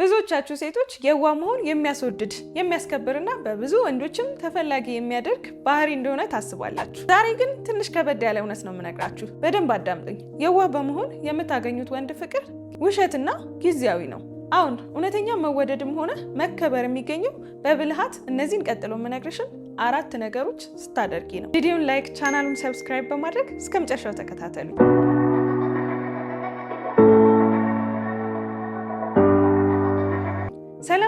ብዙዎቻችሁ ሴቶች የዋ መሆን የሚያስወድድ የሚያስከብርና በብዙ ወንዶችም ተፈላጊ የሚያደርግ ባህሪ እንደሆነ ታስባላችሁ። ዛሬ ግን ትንሽ ከበድ ያለ እውነት ነው የምነግራችሁ። በደንብ አዳምጡኝ። የዋ በመሆን የምታገኙት ወንድ ፍቅር ውሸትና ጊዜያዊ ነው። አሁን እውነተኛ መወደድም ሆነ መከበር የሚገኘው በብልሃት እነዚህን ቀጥሎ የምነግርሽን አራት ነገሮች ስታደርጊ ነው። ቪዲዮን ላይክ፣ ቻናሉን ሰብስክራይብ በማድረግ እስከ መጨረሻው ተከታተሉ።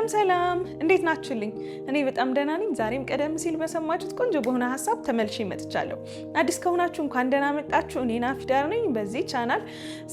ሰላም ሰላም፣ እንዴት ናችሁልኝ? እኔ በጣም ደህና ነኝ። ዛሬም ቀደም ሲል በሰማችሁት ቆንጆ በሆነ ሀሳብ ተመልሼ መጥቻለሁ። አዲስ ከሆናችሁ እንኳን ደህና መጣችሁ። እኔ ናፊዳር ነኝ። በዚህ ቻናል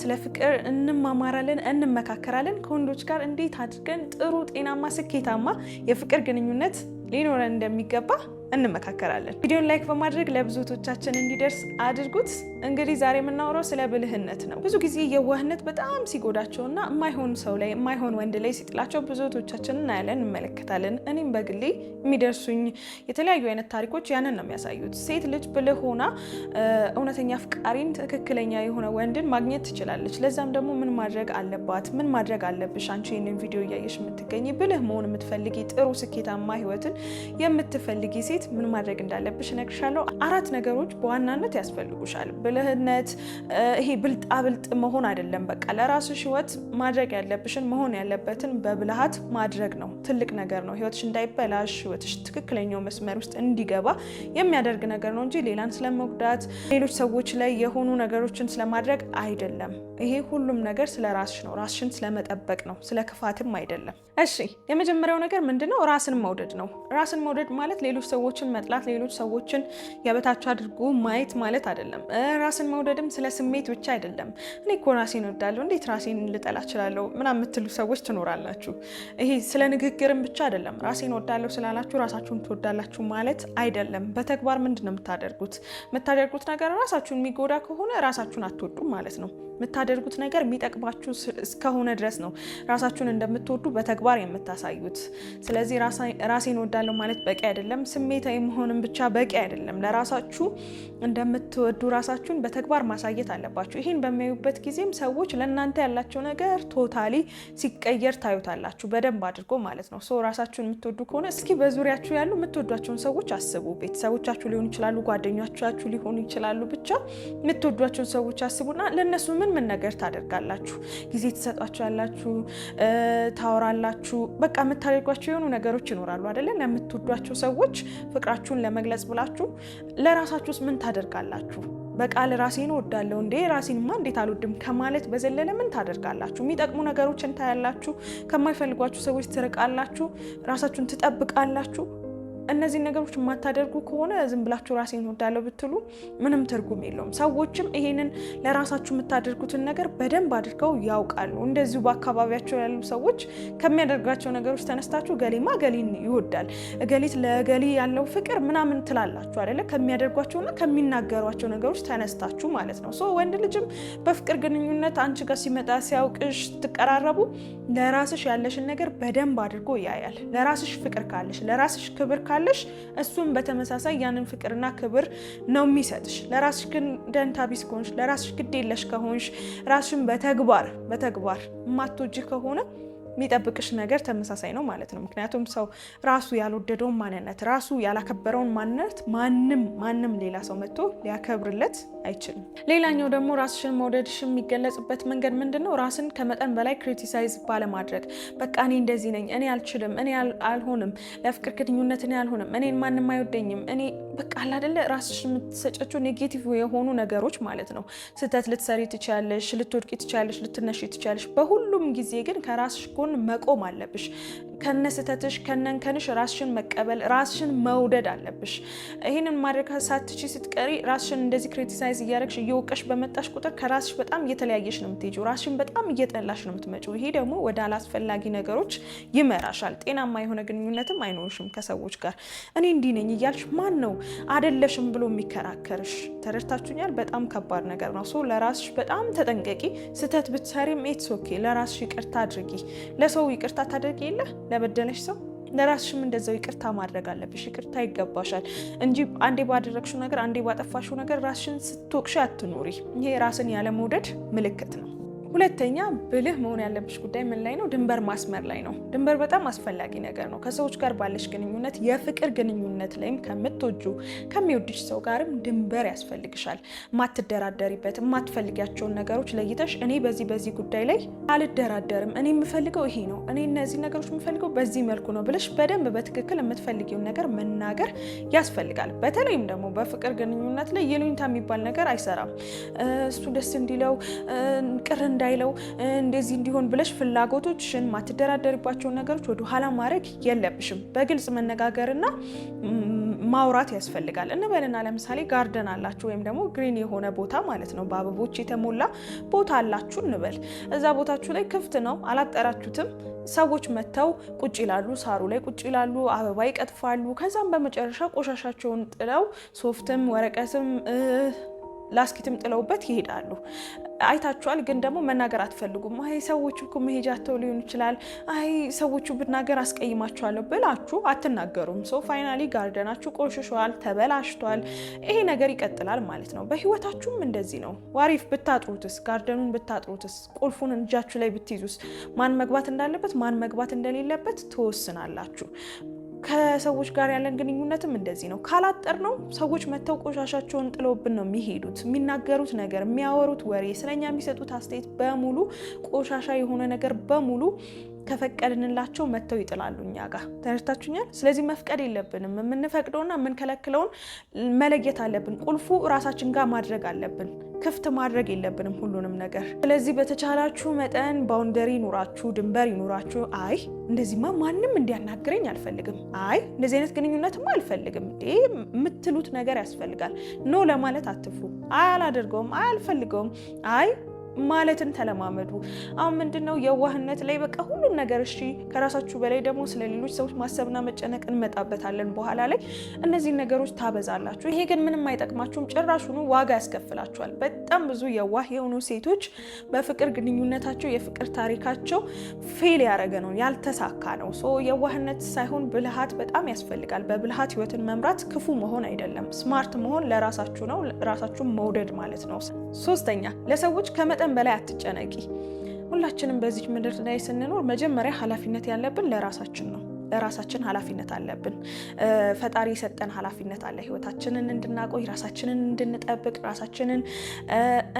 ስለ ፍቅር እንማማራለን፣ እንመካከራለን። ከወንዶች ጋር እንዴት አድርገን ጥሩ፣ ጤናማ፣ ስኬታማ የፍቅር ግንኙነት ሊኖረን እንደሚገባ እንመካከራለን። ቪዲዮን ላይክ በማድረግ ለብዙቶቻችን እንዲደርስ አድርጉት። እንግዲህ ዛሬ የምናወራው ስለ ብልህነት ነው። ብዙ ጊዜ የዋህነት በጣም ሲጎዳቸውና የማይሆን ሰው ላይ የማይሆን ወንድ ላይ ሲጥላቸው ብዙቶቻችን እናያለን፣ እንመለከታለን። እኔም በግሌ የሚደርሱኝ የተለያዩ አይነት ታሪኮች ያንን ነው የሚያሳዩት። ሴት ልጅ ብልህ ሆና እውነተኛ አፍቃሪን፣ ትክክለኛ የሆነ ወንድን ማግኘት ትችላለች። ለዛም ደግሞ ምን ማድረግ አለባት? ምን ማድረግ አለብሽ? አንቺ ይህንን ቪዲዮ እያየሽ የምትገኝ ብልህ መሆን የምትፈልጊ ጥሩ ስኬታማ ህይወትን የምትፈልጊ ሴት እንዴት ምን ማድረግ እንዳለብሽ እነግርሻለሁ። አራት ነገሮች በዋናነት ያስፈልጉሻል። ብልህነት፣ ይሄ ብልጣብልጥ መሆን አይደለም። በቃ ለራስሽ ህይወት ማድረግ ያለብሽን መሆን ያለበትን በብልሃት ማድረግ ነው። ትልቅ ነገር ነው። ህይወትሽ እንዳይበላሽ፣ ህይወትሽ ትክክለኛው መስመር ውስጥ እንዲገባ የሚያደርግ ነገር ነው እንጂ ሌላን ስለመጉዳት፣ ሌሎች ሰዎች ላይ የሆኑ ነገሮችን ስለማድረግ አይደለም። ይሄ ሁሉም ነገር ስለ ራስሽ ነው። ራስሽን ስለመጠበቅ ነው። ስለ ክፋትም አይደለም። እሺ፣ የመጀመሪያው ነገር ምንድነው? ራስን መውደድ ነው። ራስን መውደድ ማለት ሌሎች ሰዎች ሰዎችን መጥላት፣ ሌሎች ሰዎችን የበታች አድርጎ ማየት ማለት አይደለም። ራስን መውደድም ስለ ስሜት ብቻ አይደለም። እኔ እኮ ራሴን እወዳለሁ፣ እንዴት ራሴን ልጠላ እችላለሁ? ምናምን የምትሉ ሰዎች ትኖራላችሁ። ይሄ ስለ ንግግርም ብቻ አይደለም። ራሴን እወዳለሁ ስላላችሁ ራሳችሁን ትወዳላችሁ ማለት አይደለም። በተግባር ምንድን ነው የምታደርጉት? የምታደርጉት ነገር ራሳችሁን የሚጎዳ ከሆነ ራሳችሁን አትወዱም ማለት ነው። የምታደርጉት ነገር የሚጠቅማችሁ እስከሆነ ድረስ ነው ራሳችሁን እንደምትወዱ በተግባር የምታሳዩት። ስለዚህ ራሴን እወዳለሁ ማለት በቂ አይደለም ስሜት ስሜታዊ መሆንም ብቻ በቂ አይደለም። ለራሳችሁ እንደምትወዱ ራሳችሁን በተግባር ማሳየት አለባችሁ። ይህን በሚያዩበት ጊዜም ሰዎች ለእናንተ ያላቸው ነገር ቶታሊ ሲቀየር ታዩታላችሁ፣ በደንብ አድርጎ ማለት ነው። ሰው ራሳችሁን የምትወዱ ከሆነ እስኪ በዙሪያችሁ ያሉ የምትወዷቸውን ሰዎች አስቡ። ቤተሰቦቻችሁ ሊሆኑ ይችላሉ፣ ጓደኞቻችሁ ሊሆኑ ይችላሉ። ብቻ የምትወዷቸውን ሰዎች አስቡና ለእነሱ ምን ምን ነገር ታደርጋላችሁ? ጊዜ ትሰጧቸው ያላችሁ ታወራላችሁ። በቃ የምታደርጓቸው የሆኑ ነገሮች ይኖራሉ አይደለ? ለምትወዷቸው ሰዎች ፍቅራችሁን ለመግለጽ ብላችሁ ለራሳችሁስ ምን ታደርጋላችሁ? በቃል ራሴን እወዳለሁ እንዴ ራሴንማ እንዴት አልወድም ከማለት በዘለለ ምን ታደርጋላችሁ? የሚጠቅሙ ነገሮችን ታያላችሁ፣ ከማይፈልጓችሁ ሰዎች ትርቃላችሁ፣ ራሳችሁን ትጠብቃላችሁ። እነዚህን ነገሮች የማታደርጉ ከሆነ ዝም ብላችሁ ራሴን እወዳለሁ ብትሉ ምንም ትርጉም የለውም። ሰዎችም ይሄንን ለራሳችሁ የምታደርጉትን ነገር በደንብ አድርገው ያውቃሉ። እንደዚሁ በአካባቢያቸው ያሉ ሰዎች ከሚያደርጋቸው ነገሮች ተነስታችሁ ገሌማ ገሌን ይወዳል፣ እገሊት ለገሌ ያለው ፍቅር ምናምን ትላላችሁ አይደለ? ከሚያደርጓቸውና ከሚናገሯቸው ነገሮች ተነስታችሁ ማለት ነው። ወንድ ልጅም በፍቅር ግንኙነት አንቺ ጋር ሲመጣ ሲያውቅሽ ትቀራረቡ፣ ለራስሽ ያለሽን ነገር በደንብ አድርጎ ያያል። ለራስሽ ፍቅር ካለሽ፣ ለራስሽ ክብር ካለ ካለሽ እሱም በተመሳሳይ ያንን ፍቅርና ክብር ነው የሚሰጥሽ። ለራስሽ ግን ደንታ ቢስ ከሆንሽ፣ ለራስሽ ግድ የለሽ ከሆንሽ፣ ራስሽን በተግባር በተግባር የማትወጂ ከሆነ የሚጠብቅሽ ነገር ተመሳሳይ ነው ማለት ነው። ምክንያቱም ሰው ራሱ ያልወደደውን ማንነት ራሱ ያላከበረውን ማንነት ማንም ማንም ሌላ ሰው መጥቶ ሊያከብርለት አይችልም። ሌላኛው ደግሞ ራስሽን መውደድሽ የሚገለጽበት መንገድ ምንድን ነው? ራስን ከመጠን በላይ ክሪቲሳይዝ ባለማድረግ በቃ እኔ እንደዚህ ነኝ፣ እኔ አልችልም፣ እኔ አልሆንም፣ ለፍቅር ግንኙነት እኔ አልሆንም፣ እኔን ማንም አይወደኝም፣ እኔ በቃ አላደለ ራስሽ የምትሰጨችው ኔጌቲቭ የሆኑ ነገሮች ማለት ነው። ስህተት ልትሰሪ ትችያለሽ፣ ልትወድቂ ትችያለሽ፣ ልትነሽ ትችያለሽ። በሁሉም ጊዜ ግን ከራስሽ ጎን መቆም አለብሽ። ከነስተትሽ ከነንከንሽ ራስሽን መቀበል ራስሽን መውደድ አለብሽ። ይህንን ማድረግ ሳትቺ ስትቀሪ ራስሽን እንደዚህ ክሪቲሳይዝ እያደረግሽ እየወቀሽ በመጣሽ ቁጥር ከራስሽ በጣም እየተለያየሽ ነው የምትሄጂው። ራስሽን በጣም እየጠላሽ ነው የምትመጪው። ይሄ ደግሞ ወደ አላስፈላጊ ነገሮች ይመራሻል። ጤናማ የሆነ ግንኙነትም አይኖርሽም ከሰዎች ጋር። እኔ እንዲህ ነኝ እያልሽ ማን ነው አደለሽም ብሎ የሚከራከርሽ? ተረድታችሁኛል? በጣም ከባድ ነገር ነው። ለራስሽ በጣም ተጠንቀቂ። ስህተት ብትሰሪም ኢትስ ኦኬ፣ ለራስሽ ይቅርታ አድርጊ። ለሰው ይቅርታ ታደርጊ የለህ ለበደለሽ ሰው ለራስሽም እንደዛው ይቅርታ ማድረግ አለብሽ። ይቅርታ ይገባሻል እንጂ አንዴ ባደረግሽው ነገር፣ አንዴ ባጠፋሽው ነገር ራስሽን ስትወቅሽ አትኖሪ። ይሄ ራስን ያለመውደድ ምልክት ነው። ሁለተኛ ብልህ መሆን ያለብሽ ጉዳይ ምን ላይ ነው? ድንበር ማስመር ላይ ነው። ድንበር በጣም አስፈላጊ ነገር ነው። ከሰዎች ጋር ባለሽ ግንኙነት፣ የፍቅር ግንኙነት ላይም ከምትወጁ ከሚወድሽ ሰው ጋርም ድንበር ያስፈልግሻል። ማትደራደሪበት የማትፈልጊያቸውን ነገሮች ለይተሽ እኔ በዚህ በዚህ ጉዳይ ላይ አልደራደርም፣ እኔ የምፈልገው ይሄ ነው፣ እኔ እነዚህ ነገሮች የምፈልገው በዚህ መልኩ ነው ብለሽ በደንብ በትክክል የምትፈልጊውን ነገር መናገር ያስፈልጋል። በተለይም ደግሞ በፍቅር ግንኙነት ላይ ይሉኝታ የሚባል ነገር አይሰራም። እሱ ደስ እንዲለው ቅር እንዳይለው እንደዚህ እንዲሆን ብለሽ ፍላጎቶችሽን ማትደራደርባቸውን ነገሮች ወደ ኋላ ማድረግ የለብሽም። በግልጽ መነጋገርና ማውራት ያስፈልጋል። እንበልና ለምሳሌ ጋርደን አላችሁ ወይም ደግሞ ግሪን የሆነ ቦታ ማለት ነው፣ በአበቦች የተሞላ ቦታ አላችሁ እንበል። እዛ ቦታችሁ ላይ ክፍት ነው፣ አላጠራችሁትም። ሰዎች መጥተው ቁጭ ይላሉ፣ ሳሩ ላይ ቁጭ ይላሉ፣ አበባ ይቀጥፋሉ። ከዛም በመጨረሻ ቆሻሻቸውን ጥለው ሶፍትም ወረቀትም ላስኪትም ጥለውበት ይሄዳሉ። አይታችኋል። ግን ደግሞ መናገር አትፈልጉም። አይ ሰዎቹ እኮ መሄጃቸው ሊሆን ይችላል። አይ ሰዎቹ ብናገር አስቀይማችኋለሁ ብላችሁ አትናገሩም። ሶ ፋይናሊ ጋርደናችሁ ቆሽሿል፣ ተበላሽቷል። ይሄ ነገር ይቀጥላል ማለት ነው። በህይወታችሁም እንደዚህ ነው። ዋሪፍ ብታጥሩትስ፣ ጋርደኑን ብታጥሩትስ፣ ቁልፉን እጃችሁ ላይ ብትይዙስ፣ ማን መግባት እንዳለበት ማን መግባት እንደሌለበት ትወስናላችሁ። ከሰዎች ጋር ያለን ግንኙነትም እንደዚህ ነው። ካላጠር ነው ሰዎች መተው ቆሻሻቸውን ጥለውብን ነው የሚሄዱት። የሚናገሩት ነገር፣ የሚያወሩት ወሬ፣ ስለኛ የሚሰጡት አስተያየት በሙሉ ቆሻሻ የሆነ ነገር በሙሉ ከፈቀድንላቸው መጥተው ይጥላሉ እኛ ጋር ስለዚህ መፍቀድ የለብንም። የምንፈቅደውና የምንከለክለውን መለየት አለብን። ቁልፉ እራሳችን ጋር ማድረግ አለብን። ክፍት ማድረግ የለብንም ሁሉንም ነገር። ስለዚህ በተቻላችሁ መጠን ባውንደሪ ይኑራችሁ፣ ድንበር ይኑራችሁ። አይ እንደዚህማ ማንም እንዲያናግረኝ አልፈልግም፣ አይ እንደዚህ አይነት ግንኙነትማ አልፈልግም የምትሉት ነገር ያስፈልጋል። ኖ ለማለት አትፍሩ። አይ አላደርገውም፣ አይ አልፈልገውም፣ አይ ማለትን ተለማመዱ። አሁን ምንድን ነው የዋህነት ላይ በቃ ሁሉን ነገር እሺ፣ ከራሳችሁ በላይ ደግሞ ስለ ሌሎች ሰዎች ማሰብና መጨነቅ እንመጣበታለን በኋላ ላይ እነዚህን ነገሮች ታበዛላችሁ። ይሄ ግን ምንም አይጠቅማችሁም፣ ጭራሹኑ ዋጋ ያስከፍላችኋል። በጣም ብዙ የዋህ የሆኑ ሴቶች በፍቅር ግንኙነታቸው የፍቅር ታሪካቸው ፌል ያደረገ ነው፣ ያልተሳካ ነው። ሶ የዋህነት ሳይሆን ብልሃት በጣም ያስፈልጋል። በብልሃት ህይወትን መምራት ክፉ መሆን አይደለም፣ ስማርት መሆን ለራሳችሁ ነው፣ ራሳችሁን መውደድ ማለት ነው። ሶስተኛ ለሰዎች ከመ ከመጠን በላይ አትጨነቂ። ሁላችንም በዚህ ምድር ላይ ስንኖር መጀመሪያ ኃላፊነት ያለብን ለራሳችን ነው። ራሳችን ኃላፊነት አለብን። ፈጣሪ የሰጠን ኃላፊነት አለ። ህይወታችንን እንድናቆይ፣ ራሳችንን እንድንጠብቅ፣ ራሳችንን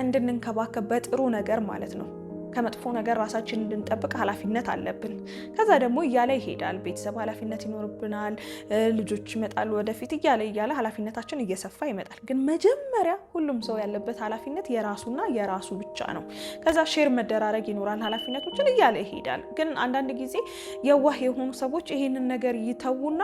እንድንንከባከብ በጥሩ ነገር ማለት ነው። ከመጥፎ ነገር ራሳችን እንድንጠብቅ ኃላፊነት አለብን። ከዛ ደግሞ እያለ ይሄዳል። ቤተሰብ ኃላፊነት ይኖርብናል። ልጆች ይመጣሉ ወደፊት እያለ እያለ ኃላፊነታችን እየሰፋ ይመጣል። ግን መጀመሪያ ሁሉም ሰው ያለበት ኃላፊነት የራሱና የራሱ ብቻ ነው። ከዛ ሼር መደራረግ ይኖራል ኃላፊነቶችን እያለ ይሄዳል። ግን አንዳንድ ጊዜ የዋህ የሆኑ ሰዎች ይሄንን ነገር ይተዉና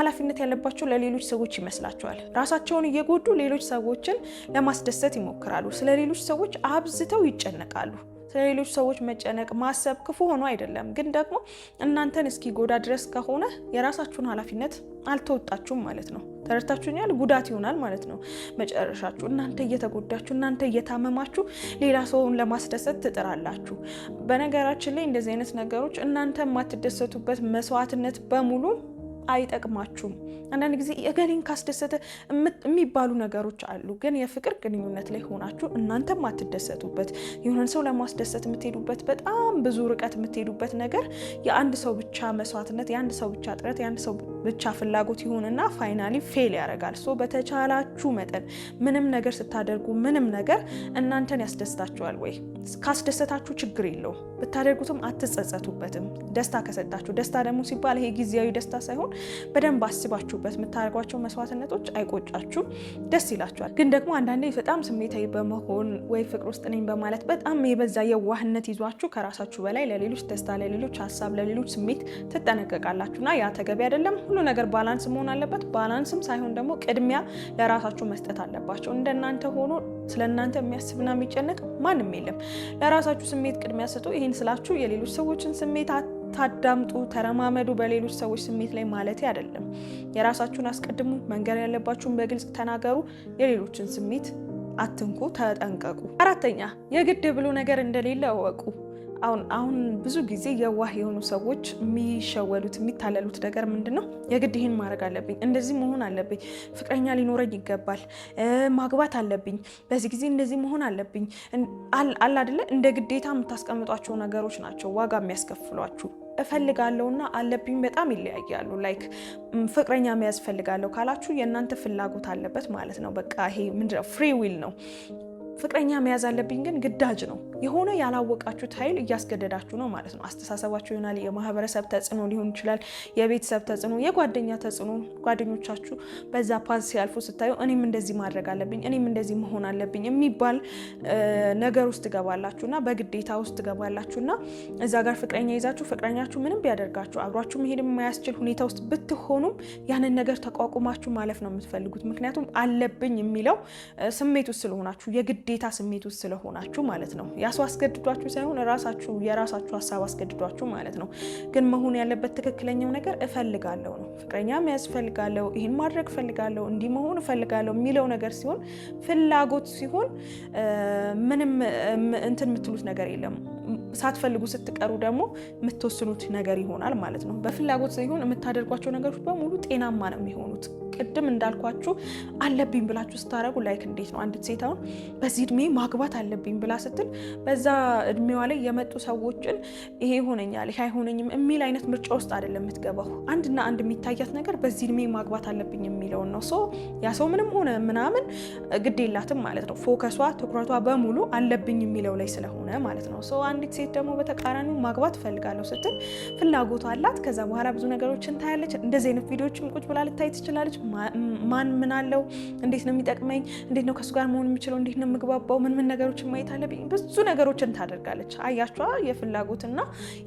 ኃላፊነት ያለባቸው ለሌሎች ሰዎች ይመስላቸዋል። ራሳቸውን እየጎዱ ሌሎች ሰዎችን ለማስደሰት ይሞክራሉ። ስለ ሌሎች ሰዎች አብዝተው ይጨነቃሉ። ለሌሎች ሰዎች መጨነቅ፣ ማሰብ ክፉ ሆኖ አይደለም፣ ግን ደግሞ እናንተን እስኪ ጎዳ ድረስ ከሆነ የራሳችሁን ኃላፊነት አልተወጣችሁም ማለት ነው። ተረድታችሁኛል? ጉዳት ይሆናል ማለት ነው መጨረሻችሁ። እናንተ እየተጎዳችሁ እናንተ እየታመማችሁ ሌላ ሰውን ለማስደሰት ትጥራላችሁ። በነገራችን ላይ እንደዚህ አይነት ነገሮች እናንተ የማትደሰቱበት መስዋዕትነት በሙሉ አይጠቅማችሁም። አንዳንድ ጊዜ የገሌን ካስደሰተ የሚባሉ ነገሮች አሉ። ግን የፍቅር ግንኙነት ላይ ሆናችሁ እናንተም አትደሰቱበት የሆነን ሰው ለማስደሰት የምትሄዱበት በጣም ብዙ ርቀት የምትሄዱበት ነገር የአንድ ሰው ብቻ መስዋዕትነት፣ የአንድ ሰው ብቻ ጥረት፣ የአንድ ሰው ብቻ ፍላጎት ይሆንና ፋይናሊ ፌል ያደርጋል። ሶ በተቻላችሁ መጠን ምንም ነገር ስታደርጉ ምንም ነገር እናንተን ያስደስታችኋል ወይ? ካስደሰታችሁ ችግር የለውም ብታደርጉትም አትጸጸቱበትም። ደስታ ከሰጣችሁ ደስታ ደግሞ ሲባል ይሄ ጊዜያዊ ደስታ ሳይሆን በደንብ አስባችሁበት የምታደርጓቸው መስዋዕትነቶች አይቆጫችሁ ደስ ይላችኋል። ግን ደግሞ አንዳንዴ በጣም ስሜታዊ በመሆን ወይ ፍቅር ውስጥ ነኝ በማለት በጣም የበዛ የዋህነት ይዟችሁ ከራሳችሁ በላይ ለሌሎች ደስታ፣ ለሌሎች ሀሳብ፣ ለሌሎች ስሜት ትጠነቀቃላችሁና ያ ተገቢ አይደለም። ሁሉ ነገር ባላንስ መሆን አለበት። ባላንስም ሳይሆን ደግሞ ቅድሚያ ለራሳችሁ መስጠት አለባቸው። እንደናንተ ሆኖ ስለእናንተ የሚያስብና የሚጨነቅ ማንም የለም። ለራሳችሁ ስሜት ቅድሚያ ስጡ። ይህን ስላችሁ የሌሎች ሰዎችን ስሜት ታዳምጡ፣ ተረማመዱ። በሌሎች ሰዎች ስሜት ላይ ማለት አይደለም። የራሳችሁን አስቀድሙ፣ መንገር ያለባችሁን በግልጽ ተናገሩ፣ የሌሎችን ስሜት አትንኩ፣ ተጠንቀቁ። አራተኛ የግድ ብሎ ነገር እንደሌለ እወቁ። አሁን አሁን ብዙ ጊዜ የዋህ የሆኑ ሰዎች የሚሸወዱት የሚታለሉት ነገር ምንድን ነው? የግድ ይህን ማድረግ አለብኝ፣ እንደዚህ መሆን አለብኝ፣ ፍቅረኛ ሊኖረኝ ይገባል፣ ማግባት አለብኝ፣ በዚህ ጊዜ እንደዚህ መሆን አለብኝ አለ አይደለ? እንደ ግዴታ የምታስቀምጧቸው ነገሮች ናቸው ዋጋ የሚያስከፍሏችሁ። እፈልጋለሁና አለብኝ በጣም ይለያያሉ። ላይክ ፍቅረኛ መያዝ እፈልጋለሁ ካላችሁ የእናንተ ፍላጎት አለበት ማለት ነው። በቃ ይሄ ምንድን ነው? ፍሪ ዊል ነው ፍቅረኛ መያዝ አለብኝ ግን ግዳጅ ነው። የሆነ ያላወቃችሁት ኃይል እያስገደዳችሁ ነው ማለት ነው። አስተሳሰባችሁ ይሆናል፣ የማህበረሰብ ተጽዕኖ ሊሆን ይችላል፣ የቤተሰብ ተጽዕኖ፣ የጓደኛ ተጽዕኖ። ጓደኞቻችሁ በዛ ፓዝ ሲያልፉ ስታዩ እኔም እንደዚህ ማድረግ አለብኝ፣ እኔም እንደዚህ መሆን አለብኝ የሚባል ነገር ውስጥ ና በግዴታ ውስጥ ትገባላችሁና እዛ ጋር ፍቅረኛ ይዛችሁ ፍቅረኛችሁ ምንም ቢያደርጋችሁ አብሯችሁ መሄድ የማያስችል ሁኔታ ውስጥ ብትሆኑም ያንን ነገር ተቋቁማችሁ ማለፍ ነው የምትፈልጉት። ምክንያቱም አለብኝ የሚለው ስሜት ውስጥ ስለሆናችሁ የግድ የግዴታ ስሜት ውስጥ ስለሆናችሁ ማለት ነው። ያሱ አስገድዷችሁ ሳይሆን ራሳችሁ የራሳችሁ ሀሳብ አስገድዷችሁ ማለት ነው። ግን መሆን ያለበት ትክክለኛው ነገር እፈልጋለሁ ነው። ፍቅረኛ መያዝ እፈልጋለሁ፣ ይህን ማድረግ እፈልጋለሁ፣ እንዲህ መሆን እፈልጋለሁ የሚለው ነገር ሲሆን ፍላጎት ሲሆን ምንም እንትን የምትሉት ነገር የለም። ሳትፈልጉ ስትቀሩ ደግሞ የምትወስኑት ነገር ይሆናል ማለት ነው። በፍላጎት ሳይሆን የምታደርጓቸው ነገሮች በሙሉ ጤናማ ነው የሚሆኑት። ቅድም እንዳልኳችሁ አለብኝ ብላችሁ ስታደረጉ ላይክ እንዴት ነው አንዲት ሴት አሁን በዚህ እድሜ ማግባት አለብኝ ብላ ስትል በዛ እድሜዋ ላይ የመጡ ሰዎችን ይሄ ይሆነኛል ይሄ አይሆነኝም የሚል አይነት ምርጫ ውስጥ አይደለም የምትገባው። አንድና አንድ የሚታያት ነገር በዚህ እድሜ ማግባት አለብኝ የሚለውን ነው። ሶ ያ ሰው ምንም ሆነ ምናምን ግድ የላትም ማለት ነው። ፎከሷ ትኩረቷ በሙሉ አለብኝ የሚለው ላይ ስለሆነ ማለት ነው። አንዲት ሴት ደግሞ በተቃራኒው ማግባት ፈልጋለሁ ስትል ፍላጎቷ አላት። ከዛ በኋላ ብዙ ነገሮችን ታያለች። እንደዚህ አይነት ቪዲዮዎችም ቁጭ ብላ ልታይ ትችላለች። ማን ምን አለው፣ እንዴት ነው የሚጠቅመኝ፣ እንዴት ነው ከሱ ጋር መሆን የሚችለው እንዴት ነው የምግባባው፣ ምን ምን ነገሮችን ማየት አለብኝ፣ ብዙ ነገሮችን ታደርጋለች። አያቿ የፍላጎትና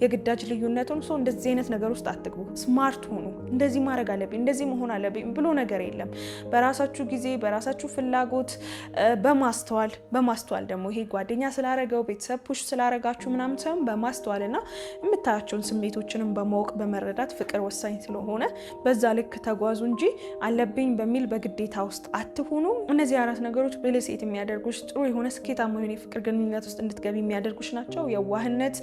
የግዳጅ ልዩነቱን። ሰው እንደዚህ አይነት ነገር ውስጥ አትግቡ። ስማርት ሆኑ። እንደዚህ ማድረግ አለብኝ፣ እንደዚህ መሆን አለብኝ ብሎ ነገር የለም። በራሳችሁ ጊዜ፣ በራሳችሁ ፍላጎት፣ በማስተዋል በማስተዋል ደግሞ ይሄ ጓደኛ ስላረገው ቤተሰብ ፑሽ ስላረጋችሁ ብላችሁ ምናምን ሳይሆን በማስተዋልና የምታያቸውን ስሜቶችንም በማወቅ በመረዳት ፍቅር ወሳኝ ስለሆነ በዛ ልክ ተጓዙ እንጂ አለብኝ በሚል በግዴታ ውስጥ አትሆኑ እነዚህ አራት ነገሮች ብልህ ሴት የሚያደርጉሽ ጥሩ የሆነ ስኬታማ የሆነ የፍቅር ግንኙነት ውስጥ እንድትገቢ የሚያደርጉች ናቸው። የዋህነት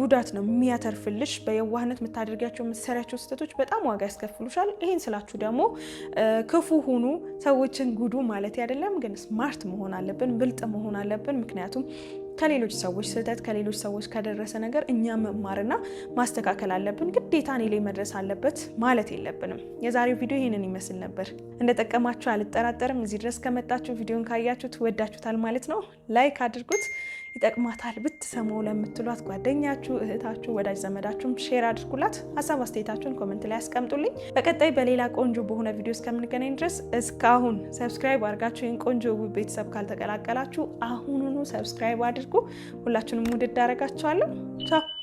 ጉዳት ነው የሚያተርፍልሽ። በየዋህነት የምታደርጊያቸው የምትሰሪያቸው ስህተቶች በጣም ዋጋ ያስከፍሉሻል። ይህን ስላችሁ ደግሞ ክፉ ሁኑ፣ ሰዎችን ጉዱ ማለት አይደለም። ግን ስማርት መሆን አለብን፣ ብልጥ መሆን አለብን። ምክንያቱም ከሌሎች ሰዎች ስህተት ከሌሎች ሰዎች ከደረሰ ነገር እኛ መማርና ማስተካከል አለብን። ግዴታ እኔ ላይ መድረስ አለበት ማለት የለብንም። የዛሬው ቪዲዮ ይህንን ይመስል ነበር። እንደጠቀማችሁ አልጠራጠርም። እዚህ ድረስ ከመጣችሁ ቪዲዮን ካያችሁት ወዳችሁታል ማለት ነው። ላይክ አድርጉት። ይጠቅማታል ብትሰሙ ለምትሏት ጓደኛችሁ፣ እህታችሁ፣ ወዳጅ ዘመዳችሁም ሼር አድርጉላት። ሀሳብ አስተያየታችሁን ኮመንት ላይ ያስቀምጡልኝ። በቀጣይ በሌላ ቆንጆ በሆነ ቪዲዮ እስከምንገናኝ ድረስ እስካሁን ሰብስክራይብ አድርጋችሁ ይህን ቆንጆ ቤተሰብ ካልተቀላቀላችሁ አሁኑኑ ሰብስክራይብ አድርጉ። ሁላችሁንም ውድድ አደርጋችኋለሁ። ቻው